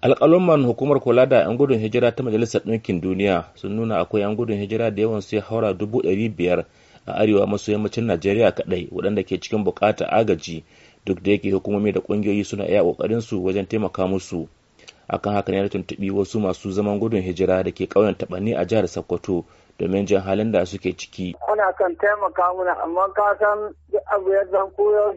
alƙalumman hukumar kula da 'yan gudun hijira ta majalisar ɗinkin duniya sun nuna akwai 'yan gudun hijira da yawan sai haura dubu ɗari biyar a arewa maso yammacin najeriya kaɗai waɗanda ke cikin buƙata agaji duk da yake hukumomi da ƙungiyoyi suna iya ƙoƙarin su wajen taimaka musu akan haka ne na tuntuɓi wasu masu zaman gudun hijira da ke ƙauyen taɓani a jihar sokoto domin jin halin da suke ciki. Kuna kan taimaka mana amma ka san abu ya zan koyo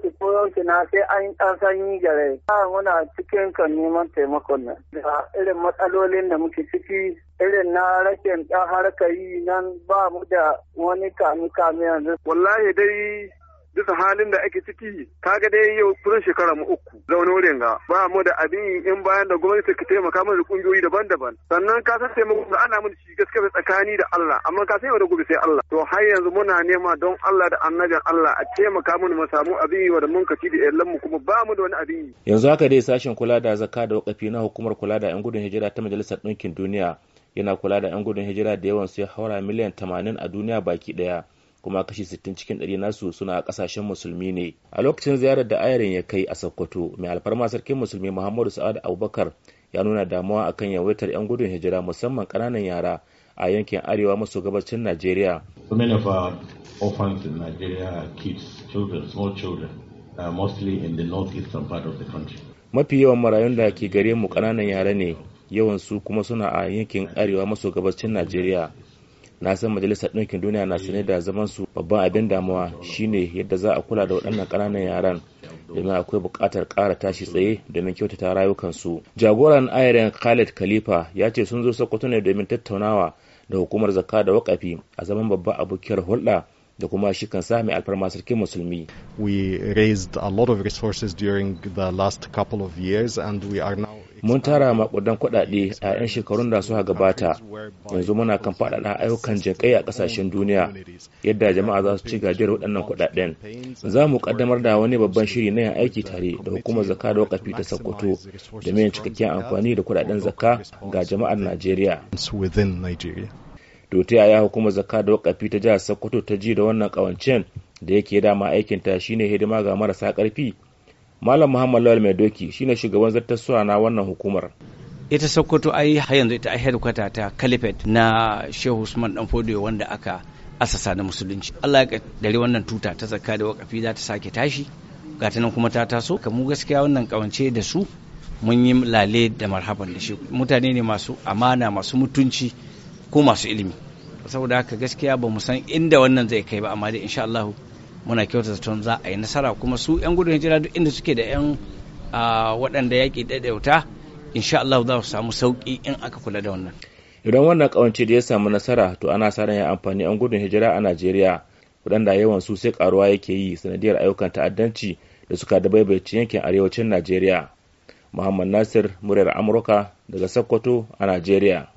na sai an ɗan sanyi gare. Muna cikin kan neman taimakon nan. Da irin matsalolin da muke ciki irin na rashin ɗan harkar yi nan ba mu da wani kami kami yanzu. Wallahi dai bisa halin da ake ciki ka ga dai yau kusan shekara mu uku zaune wurin ga ba mu da abin in bayan da gwamnati ka taimaka mana da kungiyoyi daban-daban sannan ka san taimako da ana mun shi gaskiya tsakani da Allah amma ka san yau da gobe sai Allah to har yanzu muna nema don Allah da annabin Allah a taimaka mana mu samu abin wa da mun kaci da yallan mu kuma ba mu da wani abin yanzu haka dai sashen kula da zakka da wakafi na hukumar kula da yan gudun hijira ta majalisar ɗinkin duniya yana kula da yan gudun hijira da yawan sai haura miliyan 80 a duniya baki daya kuma kashi 60 cikin ɗari nasu suna kasashen musulmi ne a lokacin ziyarar da ayarin ya kai a sokoto mai alfarma sarkin musulmi muhammadu sa'ad abubakar ya nuna damuwa akan yawaitar 'yan gudun hijira musamman kananan yara a yankin arewa maso gabacin najeriya uh, mafi yawan marayun da ke gare mu kananan yara ne yawan su kuma suna a yankin arewa maso gabacin najeriya na san majalisar ɗinkin duniya na shirye da zaman su babban abin damuwa shine yadda za a kula da waɗannan ƙananan yaran domin akwai buƙatar ƙara tashi tsaye domin kyautata rayukansu jagoran ayarin khalid khalifa ya ce sun zo sokoto ne domin tattaunawa da hukumar zakka da wakafi a zaman babban abokiyar hulɗa da kuma shi kansa mai alfarma sarkin musulmi. We raised a lot of resources during the last couple of years and we are now mun tara makudan kuɗaɗe a 'yan shekarun da suka gabata yanzu muna kan faɗaɗa ayyukan jinƙai a kasashen duniya yadda jama'a za su ci gajiyar waɗannan kuɗaɗen za mu ƙaddamar da wani babban shiri na yin aiki tare da hukumar zakka da wakafi ta sokoto da mai cikakken amfani da kuɗaɗen zakka ga jama'ar najeriya to ta yaya hukumar zakka da wakafi ta jihar sokoto ta ji da wannan kawancen da yake dama aikin ta shine hidima ga marasa karfi malam muhammad lawal mai doki shine shugaban suwa na wannan hukumar ita sokoto ai har yanzu ita ai headquarter ta kalifet na shehu usman dan fodo wanda aka asasa na musulunci allah ya dare wannan tuta ta zakka da wakafi za ta sake tashi gata nan kuma ta taso kamu gaskiya wannan kawance da su mun yi lale da marhaban da shi mutane ne masu amana masu mutunci ko masu ilimi saboda haka gaskiya ba mu san inda wannan zai kai ba amma dai insha Allah muna kyautata tun za a yi nasara kuma su yan gudun hijira duk inda suke da yan waɗanda yaƙi ɗaiɗauta insha Allah za su samu sauƙi in aka kula da wannan idan wannan kawance da ya samu nasara to ana sa ran ya amfani yan gudun hijira a Najeriya waɗanda yawan su sai karuwa yake yi sanadiyar ayyukan ta'addanci da suka da baibaici yankin arewacin Najeriya Muhammad Nasir muryar Amurka daga Sokoto a Najeriya